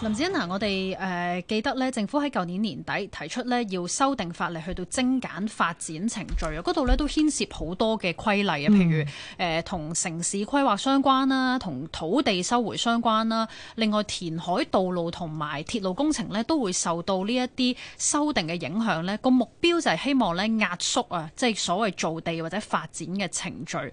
林子恩嗱，我哋誒記得咧，政府喺舊年年底提出咧，要修訂法例去到精簡發展程序啊。嗰度咧都牽涉好多嘅規例啊，譬如誒同、呃、城市規劃相關啦，同土地收回相關啦。另外，填海道路同埋鐵路工程咧，都會受到呢一啲修訂嘅影響咧。個目標就係希望咧壓縮啊，即係所謂造地或者發展嘅程序。誒、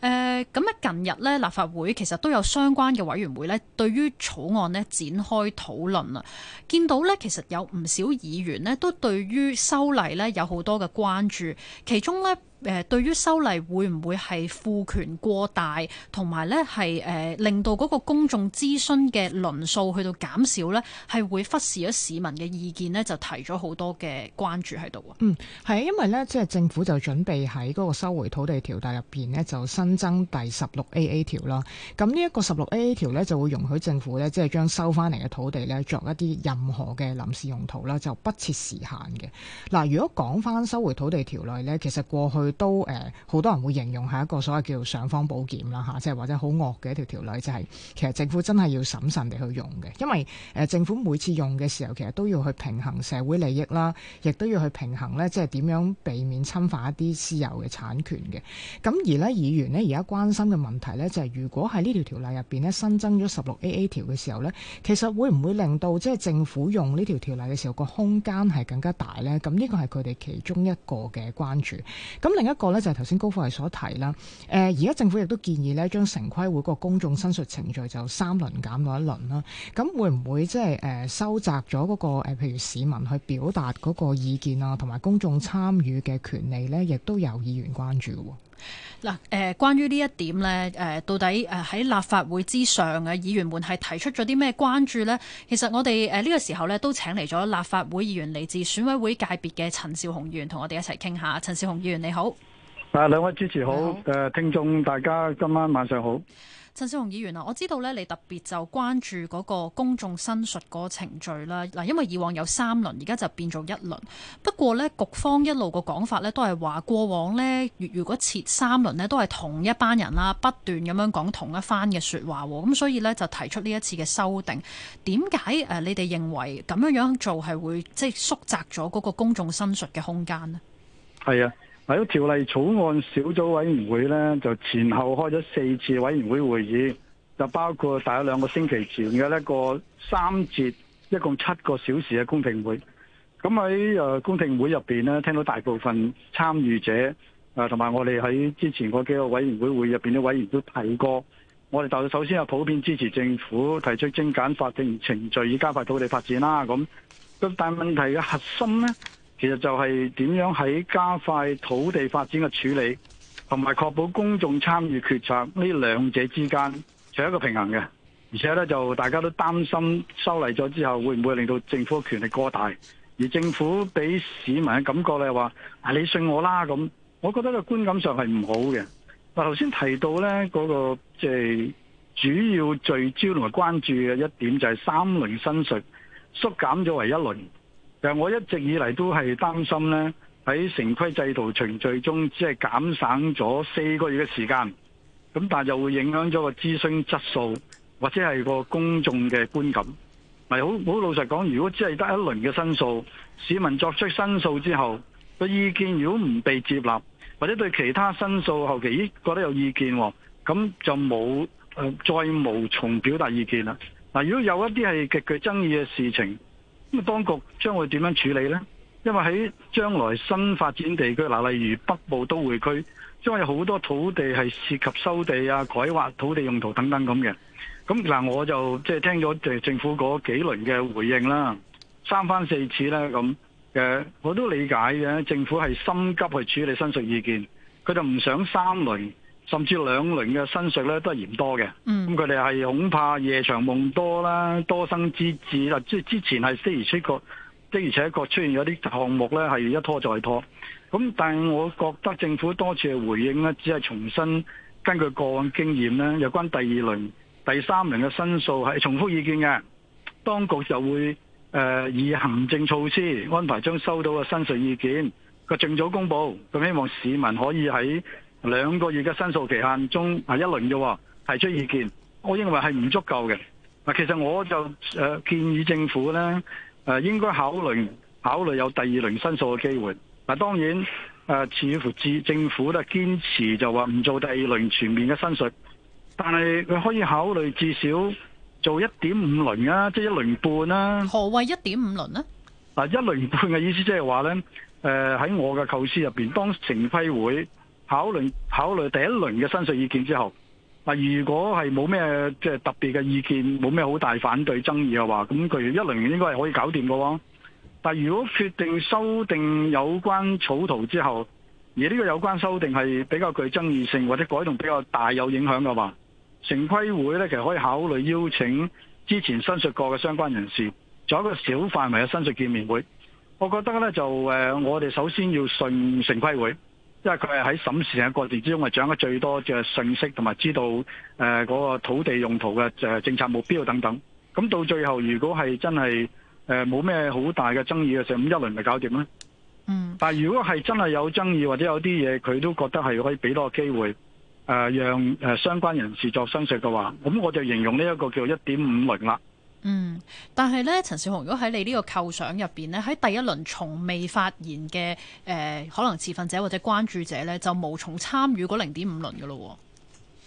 呃，咁啊近日咧立法會其實都有相關嘅委員會咧，對於草案咧展開，去討論啊，見到咧，其實有唔少議員呢，都對於修例呢，有好多嘅關注，其中呢。誒、呃、對於修例會唔會係賦權過大，同埋咧係誒令到嗰個公眾諮詢嘅輪數去到減少咧，係會忽視咗市民嘅意見咧，就提咗好多嘅關注喺度啊！嗯，係因為咧，即係政府就準備喺嗰個收回土地條例入邊咧，就新增第十六 A A 條啦。咁呢一個十六 A A 條咧，就會容許政府咧，即係將收翻嚟嘅土地咧，作一啲任何嘅臨時用途啦，就不設時限嘅。嗱、呃，如果講翻收回土地條例咧，其實過去都誒好、呃、多人會形容係一個所謂叫做尚方寶劍啦，吓，即係或者好惡嘅一條條例，就係、是、其實政府真係要審慎地去用嘅，因為誒、呃、政府每次用嘅時候，其實都要去平衡社會利益啦，亦都要去平衡咧，即係點樣避免侵犯一啲私有嘅產權嘅。咁而咧，議員咧而家關心嘅問題咧，就係、是、如果喺呢條條例入邊咧新增咗十六 A A 條嘅時候咧，其實會唔會令到即係政府用呢條條例嘅時候個空間係更加大咧？咁呢個係佢哋其中一個嘅關注咁。另一個咧就係頭先高富係所提啦，誒而家政府亦都建議咧將城規會個公眾申述程序就三輪減到一輪啦，咁會唔會即係誒收窄咗嗰個誒譬如市民去表達嗰個意見啊，同埋公眾參與嘅權利咧，亦都有議員關注。嗱，誒，關於呢一點呢，誒，到底誒喺立法會之上嘅議員們係提出咗啲咩關注呢？其實我哋誒呢個時候呢，都請嚟咗立法會議員，嚟自選委會界別嘅陳紹雄議員同我哋一齊傾下。陳紹雄議員你好。啊，兩位主持好，誒，聽眾大家今晚晚上好。陳紹雄議員啊，我知道咧，你特別就關注嗰個公眾申述嗰個程序啦。嗱，因為以往有三輪，而家就變做一輪。不過咧，局方一路個講法咧，都係話過往咧，如果設三輪咧，都係同一班人啦，不斷咁樣講同一番嘅說話。咁所以咧，就提出呢一次嘅修訂。點解誒，你哋認為咁樣樣做係會即係縮窄咗嗰個公眾申述嘅空間呢？係啊。喺條例草案小組委員會咧，就前後開咗四次委員會會議，就包括大約兩個星期前嘅一個三節，一共七個小時嘅公聽會。咁喺公聽會入面咧，聽到大部分參與者誒，同埋我哋喺之前嗰幾個委員會會入面啲委員都提過，我哋就首先係普遍支持政府提出精簡法定程序以加快土地發展啦。咁咁但係問題嘅核心咧，其實就係點樣喺加快土地發展嘅處理，同埋確保公眾參與決策呢兩者之間，就係一個平衡嘅。而且咧就大家都擔心收嚟咗之後，會唔會令到政府嘅權力過大？而政府俾市民嘅感覺咧，話啊你信我啦咁，我覺得個觀感上係唔好嘅。嗱，頭先提到咧，嗰個即係主要聚焦同埋關注嘅一點，就係三輪申述縮減咗為一輪。其實我一直以嚟都係擔心呢，喺城規制度程序中，只係減省咗四個月嘅時間，咁但係又會影響咗個諮詢質素，或者係個公眾嘅觀感。係好好老實講，如果只係得一輪嘅申訴，市民作出申訴之後，個意見如果唔被接納，或者對其他申訴後期咦覺得有意見、哦，咁就冇誒再無從表達意見啦。嗱，如果有一啲係極具爭議嘅事情。咁當局將會點樣處理呢？因為喺將來新發展地區，嗱，例如北部都會區，將會有好多土地係涉及收地啊、改劃土地用途等等咁嘅。咁嗱，我就即係、就是、聽咗政府嗰幾輪嘅回應啦，三番四次啦。咁誒，我都理解嘅。政府係心急去處理申述意見，佢就唔想三輪。甚至兩輪嘅申述咧都係嫌多嘅，咁佢哋係恐怕夜長夢多啦，多生枝節啦。即係之前係的而且確、的而且確出現有啲項目咧係一拖再拖。咁但係我覺得政府多次嘅回應呢，只係重新根據個案經驗呢，有關第二輪、第三輪嘅申訴係重複意見嘅。當局就會誒以行政措施安排將收到嘅申述意見個盡早公佈，咁希望市民可以喺。兩個月嘅申述期限中係一輪嘅提出意見，我認為係唔足夠嘅。嗱，其實我就誒、呃、建議政府咧誒、呃、應該考慮考慮有第二輪申述嘅機會。嗱、呃，當然誒、呃、似乎至政府咧堅持就話唔做第二輪全面嘅申述，但係佢可以考慮至少做一點五輪啊，即係一輪半啦、啊。何謂一點五輪咧？嗱、啊，一輪半嘅意思即係話咧誒喺我嘅構思入邊，當城規會，考慮考慮第一輪嘅申述意見之後，嗱，如果係冇咩即係特別嘅意見，冇咩好大反對爭議嘅話，咁佢一輪應該係可以搞掂嘅喎。但係如果決定修訂有關草圖之後，而呢個有關修訂係比較具爭議性或者改動比較大有影響嘅話，城規會呢，其實可以考慮邀請之前申述過嘅相關人士，做一個小範圍嘅申述見面會。我覺得呢，就誒、呃，我哋首先要信城規會。因為佢係喺審視嘅過程之中，係掌握最多嘅信息，同埋知道誒嗰、呃、那個土地用途嘅誒政策目標等等。咁到最後，如果係真係誒冇咩好大嘅爭議嘅時候，咁一輪咪搞掂咧。嗯。但係如果係真係有爭議或者有啲嘢，佢都覺得係可以俾多個機會誒、呃，讓誒、呃、相關人士作申述嘅話，咁我就形容呢一個叫一點五輪啦。嗯，但係咧，陳紹雄，如果喺你呢個構想入邊咧，喺第一輪從未發言嘅誒，可能持份者或者關注者咧，就無從參與嗰零點五輪嘅咯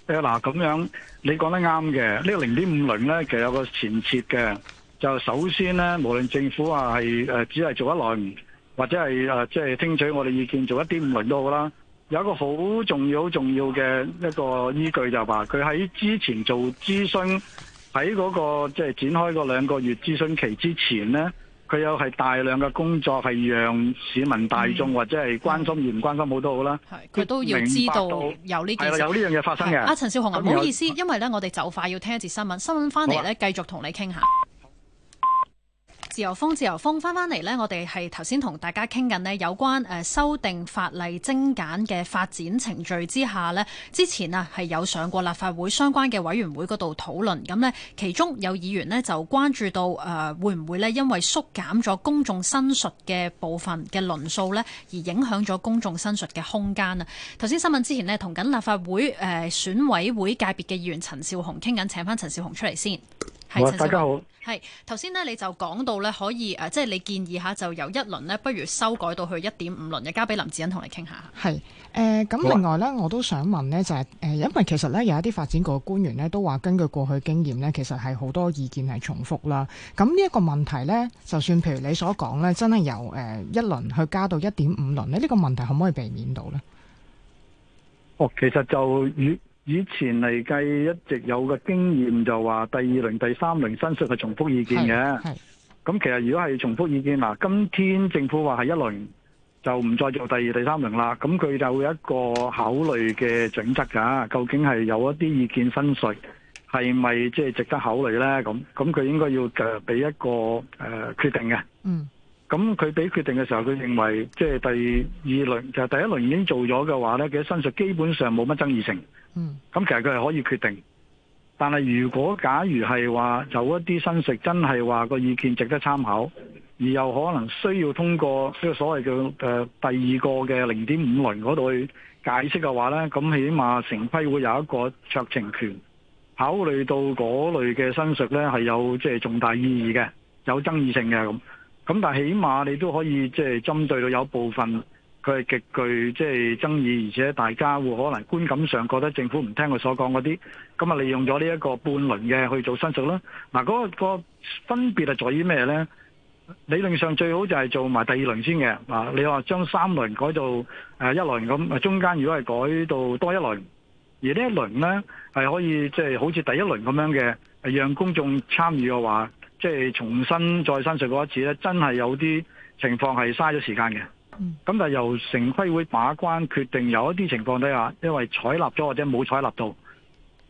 喎。嗱，咁樣你講得啱嘅。這個、呢個零點五輪咧，其實有個前設嘅，就首先咧，無論政府啊係誒只係做一輪，或者係誒即係聽取我哋意見做一點五輪都好啦。有一個好重要、好重要嘅一個依據就係、是、話，佢喺之前做諮詢。喺嗰、那個即係、就是、展開嗰兩個月諮詢期之前呢，佢有係大量嘅工作係讓市民大眾、嗯嗯、或者係關心而唔關心好都好啦。係，佢都要知道有呢件事。有呢樣嘢發生嘅。阿、啊、陳紹雄、啊，唔、嗯、好意思，嗯、因為咧、嗯，我哋就快要聽一節新聞，新聞翻嚟咧，繼續同你傾下。嗯自由風，自由風，翻翻嚟呢，我哋係頭先同大家傾緊呢有關誒修訂法例精簡嘅發展程序之下呢之前啊係有上過立法會相關嘅委員會嗰度討論，咁呢，其中有議員呢，就關注到誒會唔會呢，因為縮減咗公眾申述嘅部分嘅輪數呢，而影響咗公眾申述嘅空間啊！頭先新聞之前呢，同緊立法會誒選委會界別嘅議員陳紹雄傾緊，請翻陳紹雄出嚟先。大家好。係頭先你就講到可以誒，即、就、係、是、你建議一下，就由一輪不如修改到去一點五輪嘅。交俾林志恩同你傾下。係誒，咁、呃、另外呢，我都想問呢，就係、是、誒、呃，因為其實呢，有一啲發展局嘅官員呢都話根據過去經驗呢，其實係好多意見係重複啦。咁呢一個問題呢就算譬如你所講呢，真係由誒、呃、一輪去加到一點五輪呢，呢、這個問題可唔可以避免到呢？哦，其實就以前嚟計一直有個經驗，就話第二輪、第三輪申述係重複意見嘅。咁其實如果係重複意見，嗱，今天政府話係一輪就唔再做第二、第三輪啦。咁佢就有一個考慮嘅準則㗎，究竟係有一啲意見申述係咪即係值得考慮呢？咁咁佢應該要就俾一個、呃、決定嘅。嗯。咁佢俾決定嘅時候，佢認為即係第二輪就係、第一輪已經做咗嘅話咧，嘅申述基本上冇乜爭議性。咁、嗯、其實佢係可以決定，但係如果假如係話有一啲申述真係話個意見值得參考，而又可能需要通過呢個所謂嘅、呃、第二個嘅零點五輪嗰度去解釋嘅話呢，咁起碼城規會有一個酌情權，考慮到嗰類嘅申述呢係有即係重大意義嘅，有爭議性嘅咁，咁但係起碼你都可以即係針對到有部分。佢係極具即係爭議，而且大家會可能觀感上覺得政府唔聽佢所講嗰啲，咁啊，利用咗呢一個半輪嘅去做申述啦。嗱、嗰個，嗰、個分別係在於咩呢？理論上最好就係做埋第二輪先嘅。啊，你話將三輪改到誒一輪咁，中間如果係改到多一輪，而呢一輪呢係可以即係好似第一輪咁樣嘅，讓公眾參與嘅話，即、就、係、是、重新再申述過一次呢，真係有啲情況係嘥咗時間嘅。咁、嗯、但由城規會把關，決定有一啲情況底下，因為採納咗或者冇採納到，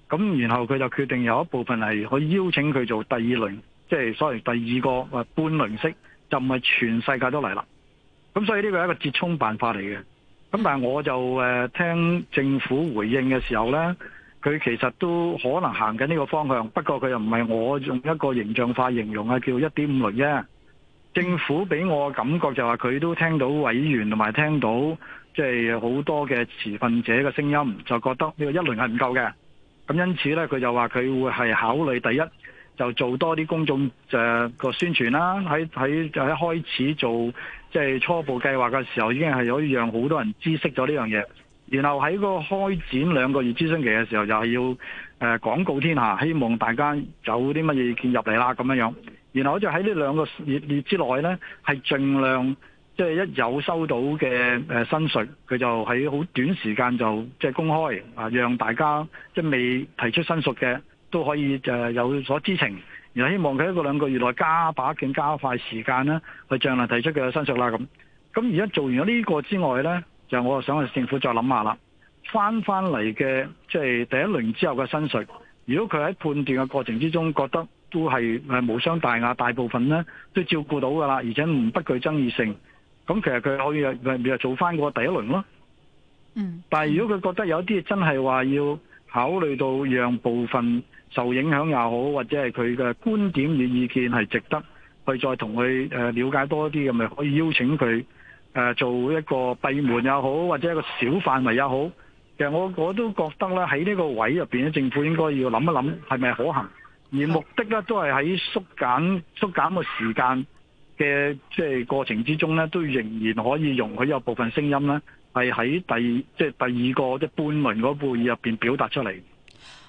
咁然後佢就決定有一部分係去邀請佢做第二輪，即、就、係、是、所謂第二個半輪式，就唔係全世界都嚟啦。咁所以呢個係一個折衷辦法嚟嘅。咁但係我就誒、呃、聽政府回應嘅時候呢，佢其實都可能行緊呢個方向，不過佢又唔係，我用一個形象化形容啊，叫一點五輪啫。政府俾我感覺就話佢都聽到委員同埋聽到即係好多嘅持份者嘅聲音，就覺得呢個一輪係唔夠嘅。咁因此呢，佢就話佢會係考慮第一就做多啲公眾嘅個宣傳啦。喺喺喺開始做即係初步計劃嘅時候，已經係可以讓好多人知識咗呢樣嘢。然後喺個開展兩個月諮詢期嘅時候，就係要呃廣告天下，希望大家有啲乜嘢意見入嚟啦，咁樣樣。然後就喺呢兩個月之內呢，係盡量即係、就是、一有收到嘅誒申述，佢就喺好短時間就即係、就是、公開，啊，讓大家即係、就是、未提出申述嘅都可以就有所知情。然後希望佢喺一個兩個月內加把勁加快時間呢去儘量提出嘅申述啦咁。咁而家做完咗呢個之外呢，就我啊想係政府再諗下啦。翻翻嚟嘅即係第一輪之後嘅申述，如果佢喺判斷嘅過程之中覺得，都係誒無傷大雅，大部分咧都照顧到㗎啦，而且唔不具爭議性。咁其實佢可以誒做翻個第一輪咯。嗯。但係如果佢覺得有啲真係話要考慮到讓部分受影響又好，或者係佢嘅觀點與意見係值得去再同佢誒了解多啲，咁咪可以邀請佢誒做一個閉門也好，或者一個小範圍也好。其實我我都覺得咧喺呢個位入邊，政府應該要諗一諗係咪可行。而目的咧，都係喺縮減、縮減個時間嘅即係過程之中咧，都仍然可以容許有部分聲音咧，係喺第即係第二個即係半輪嗰會議入邊表達出嚟。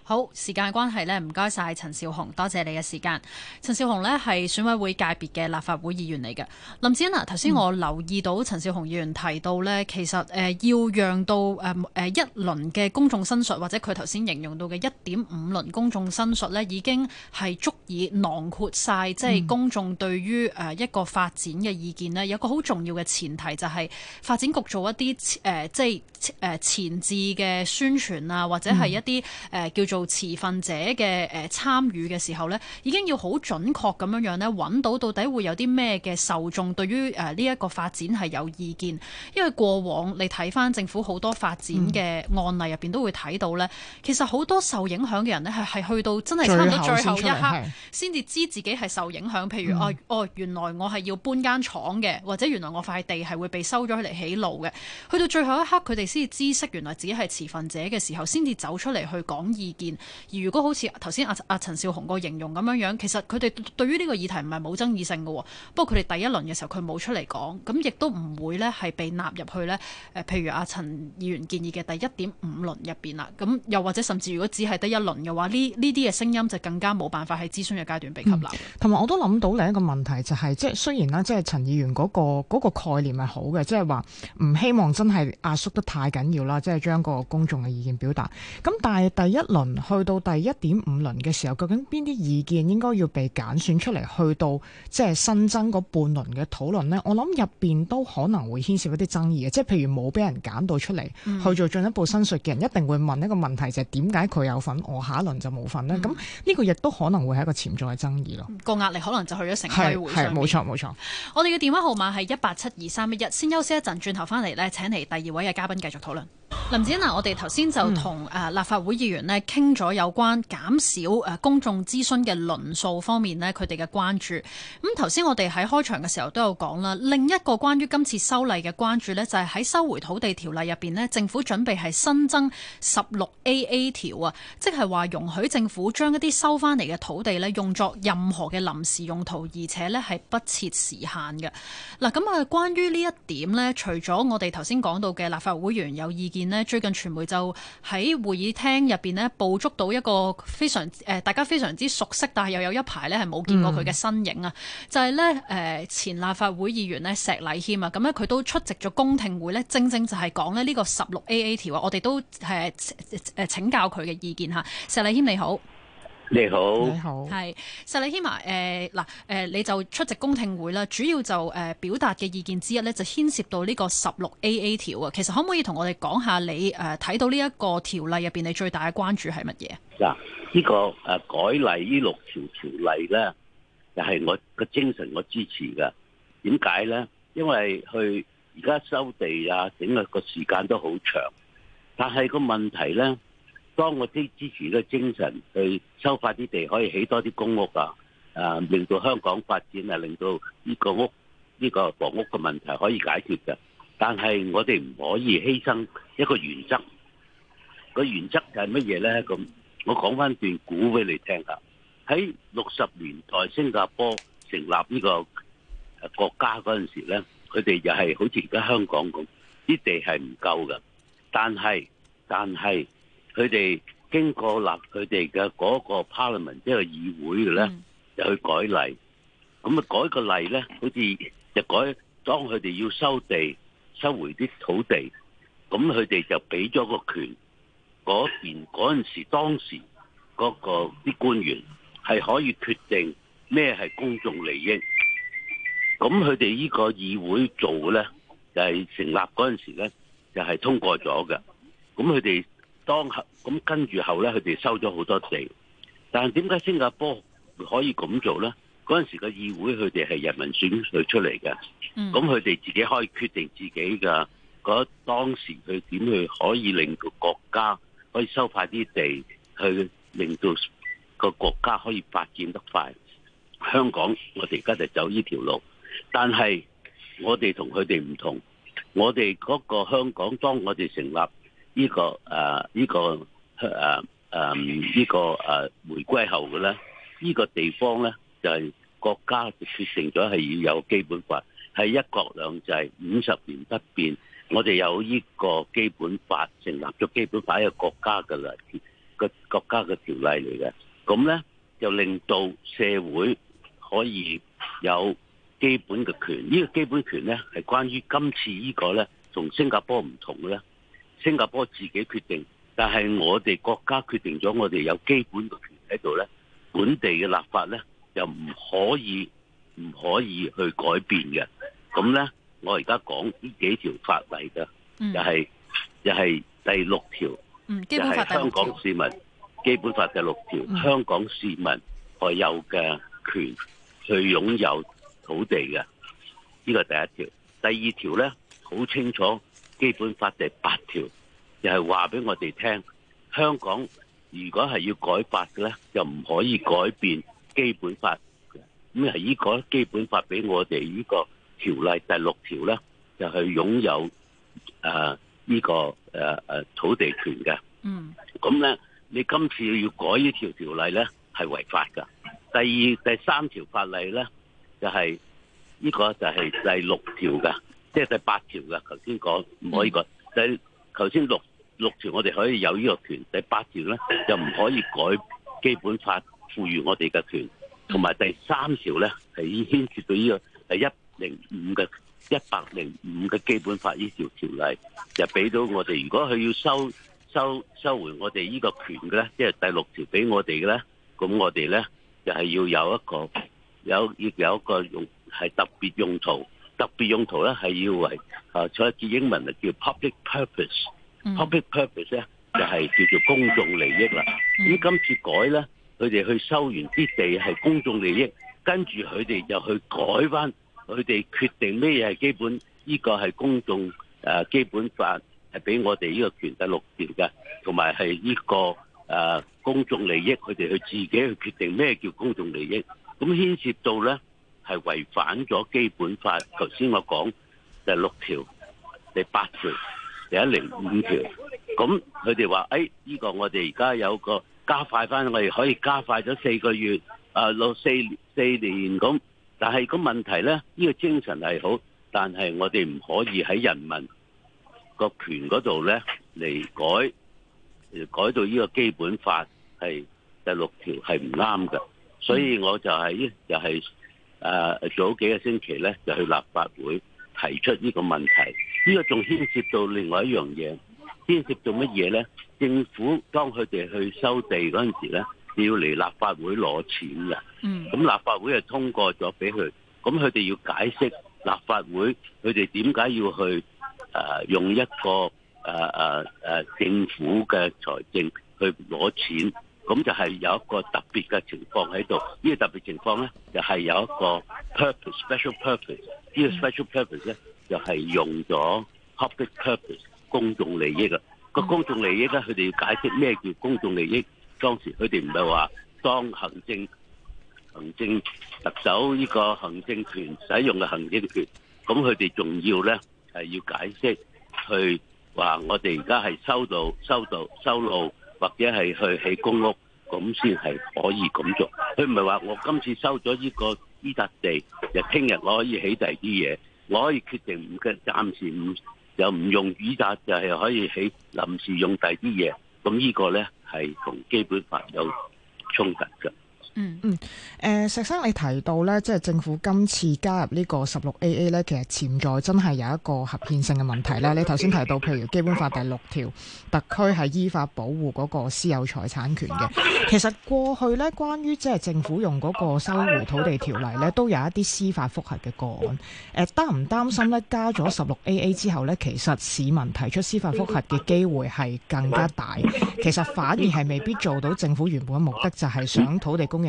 好，時間關係呢咧，唔該晒陳紹雄，多謝，謝你嘅時間。陳紹雄咧係選委會界別嘅立法會議員嚟嘅。林子恩啊，頭先我留意到陳紹雄議員提到咧、嗯，其實誒、呃、要讓到誒誒、呃、一輪嘅公眾申述，或者佢頭先形容到嘅一點五輪公眾申述咧，已經係足以囊括晒、嗯、即係公眾對於誒一個發展嘅意見咧。有個好重要嘅前提就係、是、發展局做一啲誒、呃、即係誒前置嘅宣傳啊，或者係一啲誒、嗯呃、叫做。做持份者嘅誒參與嘅時候咧，已經要好準確咁樣樣咧，揾到到底會有啲咩嘅受眾對於誒呢一個發展係有意見，因為過往你睇翻政府好多發展嘅案例入邊、嗯、都會睇到咧，其實好多受影響嘅人咧係係去到真係差唔多最後一刻，先至知自己係受影響。譬如哦、嗯、哦，原來我係要搬間廠嘅，或者原來我塊地係會被收咗佢嚟起路嘅，去到最後一刻，佢哋先至知悉原來自己係持份者嘅時候，先至走出嚟去講意見。如果好似頭先阿阿陳紹雄個形容咁樣樣，其實佢哋對於呢個議題唔係冇爭議性嘅。不過佢哋第一輪嘅時候佢冇出嚟講，咁亦都唔會呢係被納入去呢。譬、呃、如阿、啊、陳議員建議嘅第一點五輪入邊啦。咁又或者甚至如果只係得一輪嘅話，呢呢啲嘅聲音就更加冇辦法喺諮詢嘅階段被吸納。同、嗯、埋我都諗到另一個問題就係、是，即係雖然呢、啊，即係陳議員嗰、嗰個嗰個概念係好嘅，即係話唔希望真係壓縮得太緊要啦，即係將個公眾嘅意見表達。咁但係第一輪。去到第一點五輪嘅時候，究竟邊啲意見應該要被揀選出嚟？去到即係新增嗰半輪嘅討論呢，我諗入邊都可能會牽涉一啲爭議嘅，即係譬如冇俾人揀到出嚟去做進一步申述嘅人、嗯，一定會問一個問題，就係點解佢有份，我下一輪就冇份呢？嗯，咁呢個亦都可能會係一個潛在嘅爭議咯。嗯這個壓力可能就去咗成個議會上。係，冇錯冇錯。我哋嘅電話號碼係一八七二三一一，先休息一陣，轉頭返嚟呢，請嚟第二位嘅嘉賓繼續討論。林子嗱、嗯，我哋頭先就同誒立法會議員呢、嗯、傾。咗有關減少誒公眾諮詢嘅輪數方面咧，佢哋嘅關注。咁頭先我哋喺開場嘅時候都有講啦，另一個關於今次修例嘅關注呢，就係喺收回土地條例入邊咧，政府準備係新增十六 AA 條啊，即係話容許政府將一啲收翻嚟嘅土地咧，用作任何嘅臨時用途，而且呢係不設時限嘅。嗱咁啊，關於呢一點呢，除咗我哋頭先講到嘅立法會議員有意見呢，最近傳媒就喺會議廳入邊呢報。捕捉到一個非常誒，大家非常之熟悉，但係又有一排咧係冇見過佢嘅身影啊、嗯！就係咧誒，前立法會議員咧石禮謙啊，咁咧佢都出席咗公聽會咧，正正就係講咧呢個十六 AA 條啊，我哋都誒誒請教佢嘅意見吓，石禮謙你好。你好，你好，係石禮謙嘛？誒、啊，嗱、呃，誒、呃，你就出席公聽會啦，主要就誒表達嘅意見之一咧，就牽涉到呢個十六 A A 條啊。其實可唔可以同我哋講下你誒睇、呃、到呢一個條例入邊，你最大嘅關注係乜嘢啊？嗱，呢個誒改例，六條條例呢六條條例咧，係、就是、我個精神我支持噶。點解咧？因為去而家收地啊，整個時間都好長，但係個問題咧。當我啲支持嘅精神去收快啲地，可以起多啲公屋啊！啊，令到香港發展啊，令到呢個屋呢個房屋嘅問題可以解決嘅。但係我哋唔可以犧牲一個原則。個原則係乜嘢咧？咁我講翻段古俾你聽㗎。喺六十年代新加坡成立呢個國家嗰陣時咧，佢哋又係好似而家香港咁，啲地係唔夠嘅。但係但係。佢哋經過立佢哋嘅嗰個 parliament，即係議會嘅咧，就去改例。咁啊，改個例咧，好似就改當佢哋要收地、收回啲土地，咁佢哋就俾咗個權嗰邊嗰陣時，當時嗰、嗰個啲官員係可以決定咩係公眾利益。咁佢哋呢個議會做咧，就係、係、成立嗰陣時咧，就係、係、通過咗嘅。咁佢哋。當咁跟住後咧，佢哋收咗好多地，但係點解新加坡可以咁做咧？嗰陣時個議會佢哋係人民選舉出嚟嘅，咁佢哋自己可以決定自己㗎。嗰當時佢點去可以令到國家可以收快啲地，去令到個國家可以發展得快。香港我哋而家就走呢條路，但係我哋同佢哋唔同，我哋嗰個香港當我哋成立。呢、這個誒，呢、啊，這個誒誒，呢、啊，這個誒、啊、回歸後嘅咧，呢、這個地方咧就係、是、國家就決定咗係要有基本法，係一國兩制五十年不變。我哋有呢個基本法，成立咗基本法一個國家嘅律，個國家嘅條例嚟嘅。咁咧就令到社會可以有基本嘅權。呢、這個基本權咧係關於今次這個呢個咧，同新加坡唔同嘅咧。新加坡自己決定，但係我哋國家決定咗，我哋有基本嘅權喺度咧。本地嘅立法咧，又唔可以唔可以去改變嘅。咁咧，我而家講呢幾條法例嘅，就係就係第六條，就係香港市民基本法第六條，香港市民我有嘅權去擁有土地嘅。呢個係第一條，第二條咧，好清楚。基本法第八條就係話俾我哋聽，香港如果係要改法嘅咧，就唔可以改變基本法嘅。咁係依個基本法俾我哋依個條例第六條咧，就係擁有誒依個誒誒土地權嘅。嗯，咁咧你今次要改呢條條例咧係違法噶第二第三條法例咧就係呢個就係第六條噶即係第八條嘅，頭先講唔可以改。第頭先六六條我哋可以有呢個權，第八條咧就唔可以改基本法賦予我哋嘅權。同埋第三條咧係牽涉到呢個係一零五嘅一百零五嘅基本法依條條例，就俾到我哋。如果佢要收收收回我哋呢個權嘅咧，即係第六條俾我哋嘅咧，咁我哋咧就係、係、要有一個有亦有一個用係特別用途。特別用途咧係要為啊，採一次英文啊叫 public purpose，public purpose 咧 purpose 就係叫做公眾利益啦。咁、嗯、今次改咧，佢哋去收完啲地係公眾利益，跟住佢哋就去改翻，佢哋決定咩嘢係基本，呢個係公眾誒基本法係俾我哋呢個權第六條嘅，同埋係呢個誒公眾利益，佢哋去自己去決定咩叫公眾利益，咁牽涉到咧。係違反咗基本法。頭先我講第六條、第八條、第一零五條。咁佢哋話：誒呢個我哋而家有個加快返，我哋可以加快咗四個月，誒六四四年咁。但係個問題呢，呢個精神係好，但係我哋唔可以喺人民個權嗰度呢嚟改，改到呢個基本法係第六條係唔啱嘅。所以我就係呢就係。誒早幾個星期咧，就去立法會提出呢個問題。呢個仲牽涉到另外一樣嘢，牽涉到乜嘢咧？政府當佢哋去收地嗰陣時咧，要嚟立法會攞錢嘅。嗯，咁立法會就通過咗俾佢，咁佢哋要解釋立法會佢哋點解要去誒用一個誒誒誒政府嘅財政去攞錢。咁就係有一個特別嘅情況喺度，呢個特別情況咧，就係有一個 purpose，special purpose。呢個 special purpose 咧，就係用咗 public purpose，公眾利益啊。個公眾利益咧，佢哋要解釋咩叫公眾利益。當時佢哋唔係話當行政行政特首呢個行政權使用嘅行政權，咁佢哋仲要咧係要解釋，去話我哋而家係收到、收到、收路。或者係去起公屋，咁先係可以咁做。佢唔係話我今次收咗呢、這個依笪、這個、地，就聽日我可以起第二啲嘢，我可以決定唔嘅，暫時唔又唔用依笪、這個，就係、是、可以起臨時用第二啲嘢。咁呢個呢係同基本法有衝突㗎。嗯嗯，呃、石生你提到咧，即係政府今次加入呢個十六 AA 咧，其實潛在真係有一個合憲性嘅問題咧。你頭先提到，譬如基本法第六條，特區係依法保護嗰個私有財產權嘅。其實過去咧，關於即係政府用嗰個收回土地條例咧，都有一啲司法覆核嘅個案。誒、呃、擔唔擔心咧？加咗十六 AA 之後咧，其實市民提出司法覆核嘅機會係更加大，其實反而係未必做到政府原本嘅目的，就係、是、想土地供應。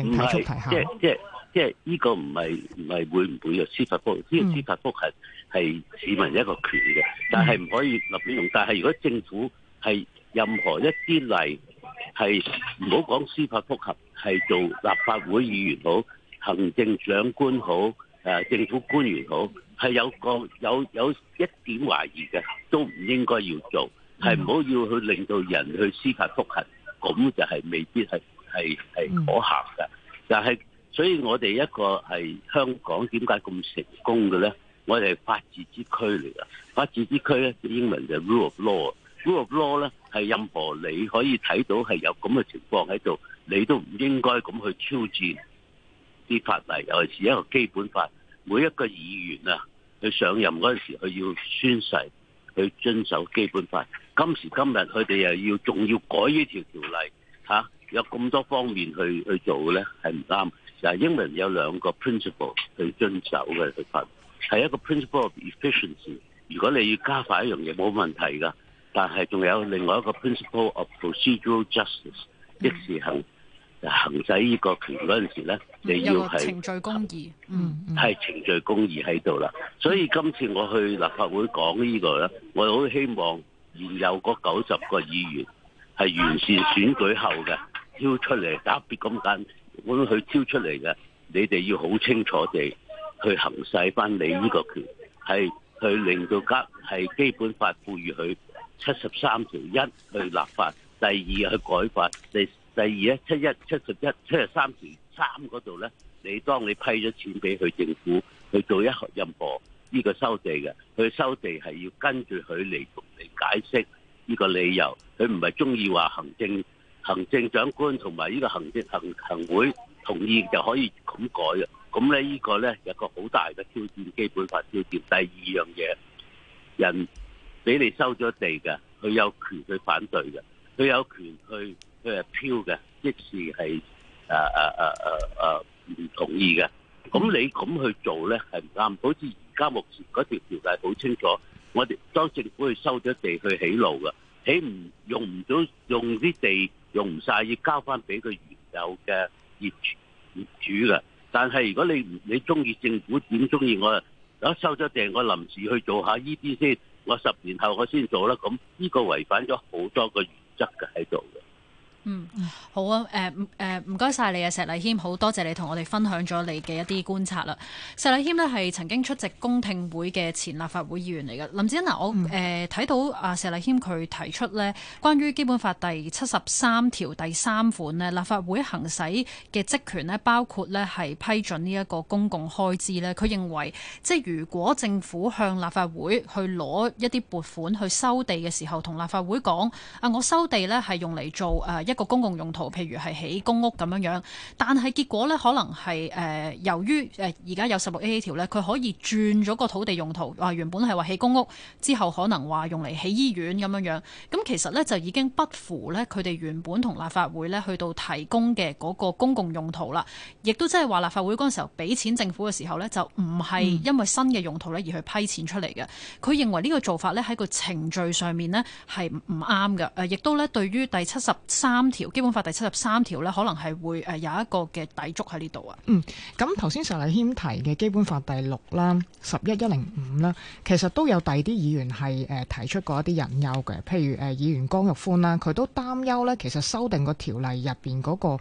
唔係，即係即係即係呢個唔係唔係會唔會有司法復核，呢個司法復核係市民一個權嘅，但係唔可以立亂用。但係如果政府係任何一啲例係唔好講司法復核，係做立法會議員好、行政長官好、誒政府官員好，係有個有有一點懷疑嘅，都唔應該要做，係唔好要去令到人去司法復核，咁就係未必係。係係可行嘅，但係，所以我哋一個係香港點解咁成功嘅咧？我哋係法治之區嚟嘅，法治之區咧，英文就是 rule of law，rule of law 咧，係任何你可以睇到係有咁嘅情況喺度，你都唔應該咁去挑戰啲法例，尤其是一個基本法。每一個議員啊，佢上任嗰陣時，佢要宣誓去遵守基本法。今時今日，佢哋又要仲要改呢條條例吓。有咁多方面去去做咧，係唔啱。嗱，英文有兩個 principle 去遵守嘅，去發。係一個 principle of efficiency，如果你要加快一樣嘢，冇問題噶。但係仲有另外一個 principle of procedural justice，即、嗯就是、時行行使呢個權嗰陣時咧，你要係、嗯、程序公義，嗯、係、嗯、程序公義喺度啦。所以今次我去立法會講呢個咧，我好希望現有嗰九十個議員係完善選舉後嘅。挑出嚟特別咁緊，我佢挑出嚟嘅，你哋要好清楚地去行使返你呢個權，係去令到級，係基本法賦予佢七十三條一去立法，第二去改法，第第二咧七一七十一七十三條三嗰度咧，你當你批咗錢俾佢政府去做一任何呢、呢個收地嘅，佢收地係要跟住佢嚟嚟解釋呢個理由，佢唔係鍾意話行政。行政長官同埋呢個行政行行會同意就可以咁改啊！咁咧呢個咧有個好大嘅挑戰，基本法挑戰第二樣嘢，人俾你收咗地嘅，佢有權去反對嘅，佢有權去佢係飄嘅，即是係誒誒誒誒誒唔同意嘅。咁你咁去做咧係唔啱，好似而家目前嗰條條例好清楚，我哋當政府去收咗地去起路嘅，起唔用唔到用啲地。用唔晒要交翻俾佢原有嘅業主嘅，但係如果你唔你中意政府點中意我呢，我收咗訂，我臨時去做下呢啲先，我十年後我先做啦，咁呢個違反咗好多個原則嘅喺度嘅。嗯，好啊，誒、嗯，誒，唔該晒你啊，石禮謙，好多謝你同我哋分享咗你嘅一啲觀察啦。石禮謙咧係曾經出席公聽會嘅前立法會議員嚟嘅。林子欣，嗱，我誒睇到啊，石禮謙佢提出咧，關於基本法第七十三條第三款咧，立法會行使嘅職權咧，包括咧係批准呢一個公共開支咧。佢認為，即係如果政府向立法會去攞一啲撥款去收地嘅時候，同立法會講啊，我收地咧係用嚟做誒。一個公共用途，譬如係起公屋咁樣樣，但係結果咧，可能係誒由於誒而家有十六 A A 條咧，佢可以轉咗個土地用途，話原本係話起公屋之後，可能話用嚟起醫院咁樣樣，咁其實咧就已經不符咧佢哋原本同立法會咧去到提供嘅嗰個公共用途啦，亦都即係話立法會嗰陣時候俾錢政府嘅時候咧，就唔係因為新嘅用途咧而去批錢出嚟嘅，佢、嗯、認為呢個做法咧喺個程序上面咧係唔啱嘅，誒亦都咧對於第七十三。三條基本法第七十三條咧，可能係會誒有一個嘅抵觸喺呢度啊。嗯，咁頭先石禮謙提嘅基本法第六啦、十一一零五啦，其實都有第二啲議員係誒提出過一啲隱憂嘅，譬如誒議員江玉歡啦，佢都擔憂咧，其實修訂個條例入邊嗰個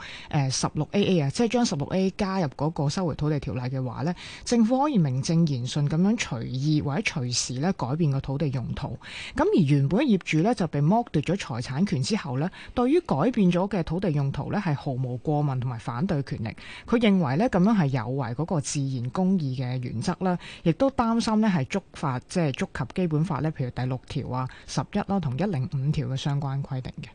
十六 AA 啊，即係將十六 A 加入嗰個收回土地條例嘅話咧，政府可以名正言順咁樣隨意或者隨時咧改變個土地用途，咁而原本業主咧就被剝奪咗財產權之後咧，對於改變變咗嘅土地用途咧，係毫無過問同埋反對權力。佢認為咧，咁樣係有違嗰個自然公義嘅原則啦，亦都擔心呢，係觸法，即係觸及基本法咧，譬如第六條啊、十一啦同一零五條嘅相關規定嘅。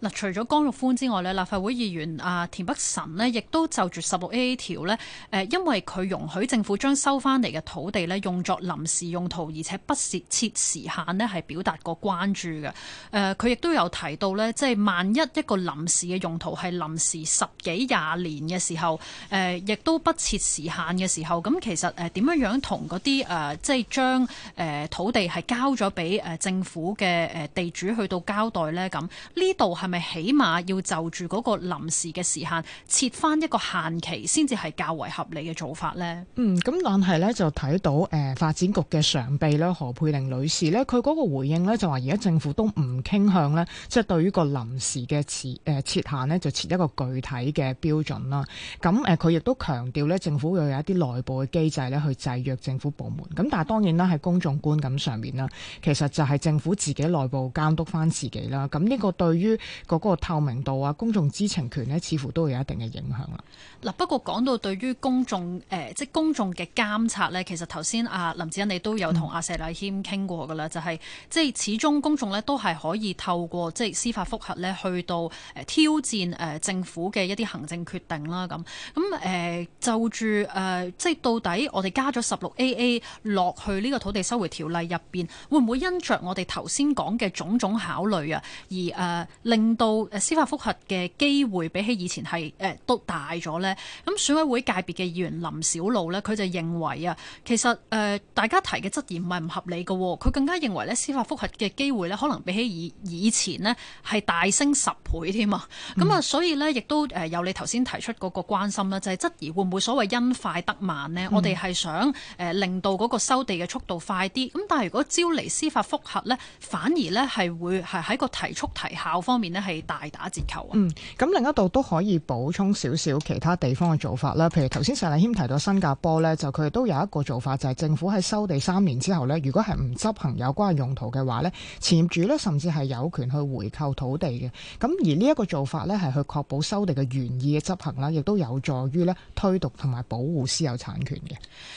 嗱，除咗江玉歡之外咧，立法會議員啊田北辰呢，亦都就住十六 A 條呢，誒，因為佢容許政府將收翻嚟嘅土地呢，用作臨時用途，而且不設時，時限呢，係表達過關注嘅。誒、呃，佢亦都有提到呢，即係萬一一個。臨時嘅用途係臨時十幾廿年嘅時候，誒、呃、亦都不設時限嘅時候，咁其實誒點樣樣同嗰啲誒即係將誒土地係交咗俾誒政府嘅誒地主去到交代咧，咁呢度係咪起碼要就住嗰個臨時嘅時限設翻一個限期，先至係較為合理嘅做法咧？嗯，咁但係咧就睇到誒、呃、發展局嘅常秘咧何佩玲女士咧，佢嗰個回應咧就話而家政府都唔傾向咧，即係對於個臨時嘅。誒設限呢就設一個具體嘅標準啦。咁誒，佢亦都強調咧，政府會有一啲內部嘅機制咧，去制約政府部門。咁但係當然啦，喺公眾觀感上面啦，其實就係政府自己內部監督返自己啦。咁呢個對於嗰個透明度啊、公眾知情權呢，似乎都會有一定嘅影響啦。嗱、啊，不過講到對於公眾誒、呃，即係公眾嘅監察呢，其實頭先阿林子恩你都有同阿石禮謙傾過㗎啦、嗯，就係、是、即係始終公眾呢都係可以透過即係司法覆核呢去到。誒挑戰誒、呃、政府嘅一啲行政決定啦，咁咁誒就住誒、呃，即係到底我哋加咗十六 AA 落去呢個土地收回條例入邊，會唔會因着我哋頭先講嘅種種考慮啊，而誒、呃、令到誒司法覆核嘅機會比起以前係誒、呃、都大咗呢？咁選委會界別嘅議員林筱魯呢，佢就認為啊，其實誒、呃、大家提嘅質疑唔係唔合理嘅喎，佢更加認為呢司法覆核嘅機會呢，可能比起以以前呢係大升十倍。添啊，咁啊，所以咧，亦都誒有你頭先提出嗰個關心啦，就係、是、質疑會唔會所謂因快得慢呢？嗯、我哋係想誒令到嗰個收地嘅速度快啲，咁但係如果招嚟司法覆核呢，反而呢係會係喺個提速提效方面呢，係大打折扣啊。嗯，咁另一度都可以補充少少其他地方嘅做法啦。譬如頭先石禮謙提到新加坡呢，就佢都有一個做法，就係、是、政府喺收地三年之後呢，如果係唔執行有關嘅用途嘅話呢，前業主呢，甚至係有權去回購土地嘅。咁而呢、這、一個做法咧，係去確保收地嘅原意嘅執行啦，亦都有助於咧推動同埋保護私有產權嘅。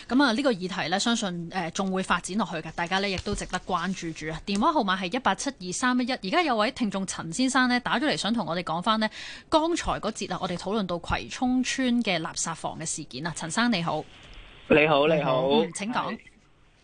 咁啊，呢個議題呢，相信誒仲會發展落去嘅，大家呢，亦都值得關注住啊。電話號碼係一八七二三一一。而家有位聽眾陳先生呢，打咗嚟，想同我哋講翻呢。剛才嗰節啊，我哋討論到葵涌村嘅垃圾房嘅事件啊。陳生你好，你好你好，嗯、請講。Hi.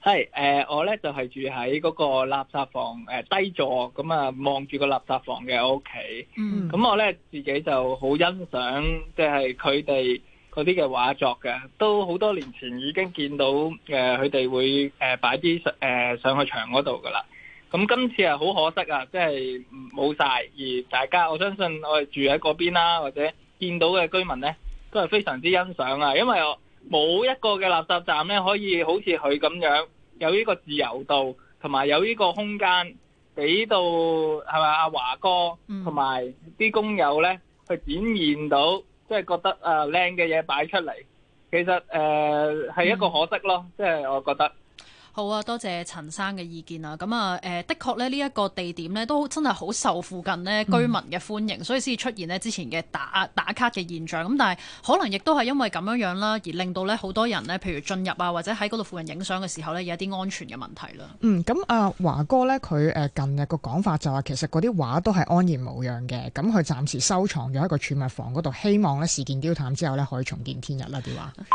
係、呃，我咧就係、是、住喺嗰個垃圾房誒、呃、低座，咁啊望住個垃圾房嘅屋企。嗯。咁我咧自己就好欣賞，即係佢哋嗰啲嘅畫作嘅，都好多年前已經見到佢哋、呃、會、呃、擺啲上、呃、上去牆嗰度㗎喇。咁今次係好可惜啊，即係冇晒，而大家我相信我哋住喺嗰邊啦，或者見到嘅居民咧，都係非常之欣賞啊，因為我冇一個嘅垃圾站咧可以好似佢咁樣。有呢個自由度，同埋有呢個空間，俾到係咪？阿、啊、華哥同埋啲工友呢，去展現到即係、就是、覺得啊靚嘅嘢擺出嚟，其實誒係、呃、一個可惜咯，即、就、係、是、我覺得。好啊，多謝陳生嘅意見啊。咁啊，誒、呃，的確咧，呢一個地點咧，都真係好受附近咧居民嘅歡迎，嗯、所以先至出現咧之前嘅打打卡嘅現象。咁但係可能亦都係因為咁樣樣啦，而令到咧好多人呢，譬如進入啊，或者喺嗰度附近影相嘅時候呢，有一啲安全嘅問題啦。嗯，咁啊，華哥呢，佢誒近日個講法就話其實嗰啲畫都係安然無恙嘅，咁佢暫時收藏咗一個儲物房嗰度，希望咧事件消淡之後呢，可以重見天日啦、啊，啲話。嗯